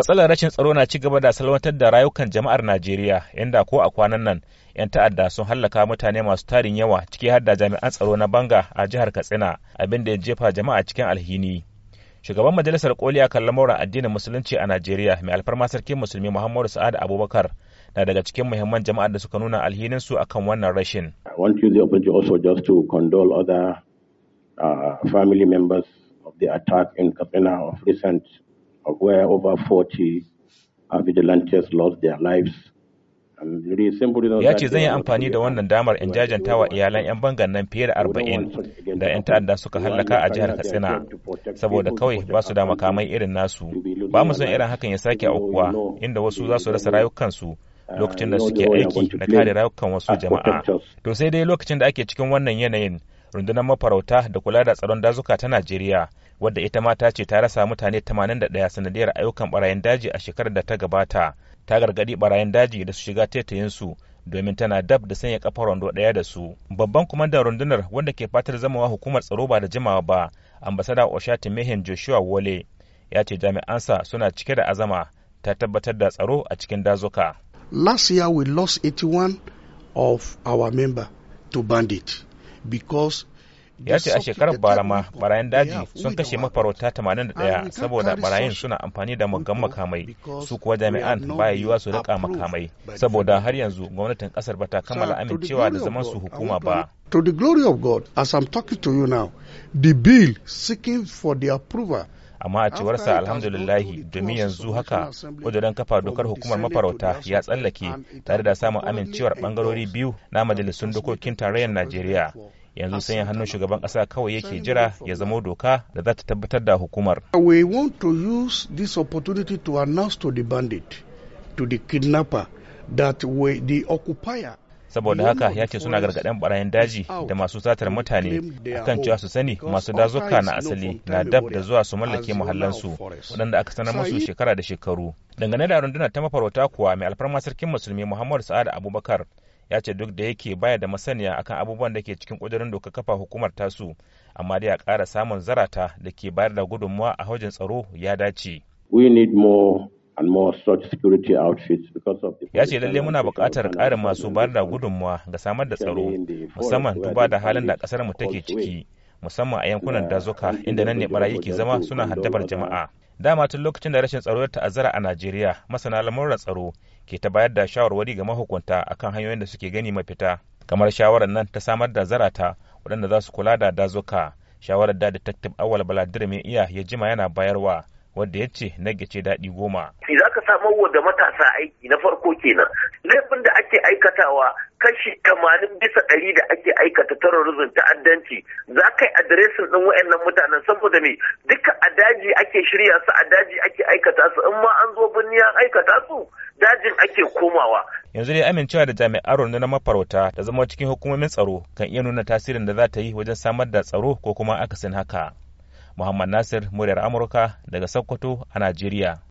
matsalar rashin tsaro na cigaba da salwantar da rayukan jama'ar najeriya inda ko a kwanan nan 'yan ta'adda sun hallaka mutane masu tarin yawa ciki har da jami'an tsaro na banga a jihar katsina abin da ya jefa jama'a cikin alhini shugaban majalisar koliya kan lamuran addinin musulunci a najeriya mai alfarma sarkin musulmi muhammadu sa'ad abubakar na daga cikin muhimman jama'ar da suka nuna alhinin su akan wannan rashin i to the opportunity also just to condole other uh, family members of the attack in katsina of recent where over 40 vigilantes lost their lives. Ya ce zan yi amfani da wannan damar in jajanta wa iyalan 'yan bangan nan fiye da arba'in da 'yan ta'adda suka hallaka a jihar Katsina saboda kawai ba su da makamai irin nasu. Ba mu son irin hakan ya sake aukuwa inda wasu za su rasa rayukansu uh, lokacin da suke aiki na kare rayukan wasu jama'a. To sai dai lokacin da ake cikin wannan yanayin rundunar mafarauta da kula da tsaron dazuka ta Najeriya wadda ita ma ta ce ta rasa mutane 81 sanadiyar ayyukan barayin daji a shekarar da ta gabata ta gargadi barayin daji da su shiga tetayinsu domin tana dab da sanya kafar rondo daya da su babban kwamandan rundunar wanda ke fatar zamawa hukumar tsaro ba da jimawa ba ambasada oshati mehen joshua wole ya ce jami'ansa suna cike da azama ta tabbatar da tsaro a cikin dazuka last year we lost 81 of our member to bandit because ya ce a shekarar bara ma barayin daji sun kashe mafarauta tamanin da daya saboda barayin suna amfani da muggan makamai su kuwa jami'an baya yiwuwa su rika makamai saboda har yanzu gwamnatin kasar bata kammala amincewa da zaman su hukuma ba To the glory of God, as I'm talking to you now, the bill seeking for the approval amma a cewar sa alhamdulillahi domin yanzu haka don kafa dokar hukumar mafarauta ya tsallake tare da samun amincewar ɓangarori biyu na majalisun dokokin tarayyar najeriya yanzu sai hannun shugaban ƙasa kawai yake jira ya zamo doka da za ta tabbatar da hukumar. We want to use this opportunity to announce to the bandit, to the kidnapper, that we, the occupier saboda haka ya ce suna gargaɗin barayin daji da masu satar mutane akan cewa su sani masu dazuka na asali na dab da zuwa su mallake muhallansu waɗanda aka sanar musu shekara da shekaru dangane da rundunar ta mafarauta kuwa mai alfarma sarkin musulmi muhammadu sa'ad abubakar ya ce duk da yake baya da masaniya akan abubuwan da ke cikin kudirin doka kafa hukumar tasu amma dai a kara samun zarata da ke bayar da gudunmuwa a hajjin tsaro ya dace. We need more and security outfits Ya ce lalle muna bukatar ƙarin masu bayar da gudunmuwa ga samar da tsaro musamman duba da halin da ƙasar mu take ciki musamman a yankunan dazuka inda nan ne barayi ke zama suna haddabar jama'a. dama tun lokacin da rashin tsaro ya ta'azzara a najeriya masana lamuran tsaro ke ta bayar da shawarwari ga mahukunta akan hanyoyin da suke gani mafita kamar shawarar nan ta samar da zarata waɗanda za su kula da dazuka shawarar da detective awal baladir mai iya ya jima yana bayarwa wanda ya ce na ce daɗi goma. Za ka samar wa matasa aiki na farko kenan. Laifin cewa kashi tamanin bisa ɗari da ake aikata terrorism ta'addanci za ka yi adiresin ɗin wa'annan mutanen saboda me duka a daji ake shirya su a daji ake aikata su in ma an zo birni an aikata su dajin ake komawa. yanzu dai amincewa da jami'an rundunar mafarauta da zama cikin hukumomin tsaro kan iya nuna tasirin da za ta yi wajen samar da tsaro ko kuma akasin haka muhammad nasir muryar amurka daga sokoto a najeriya.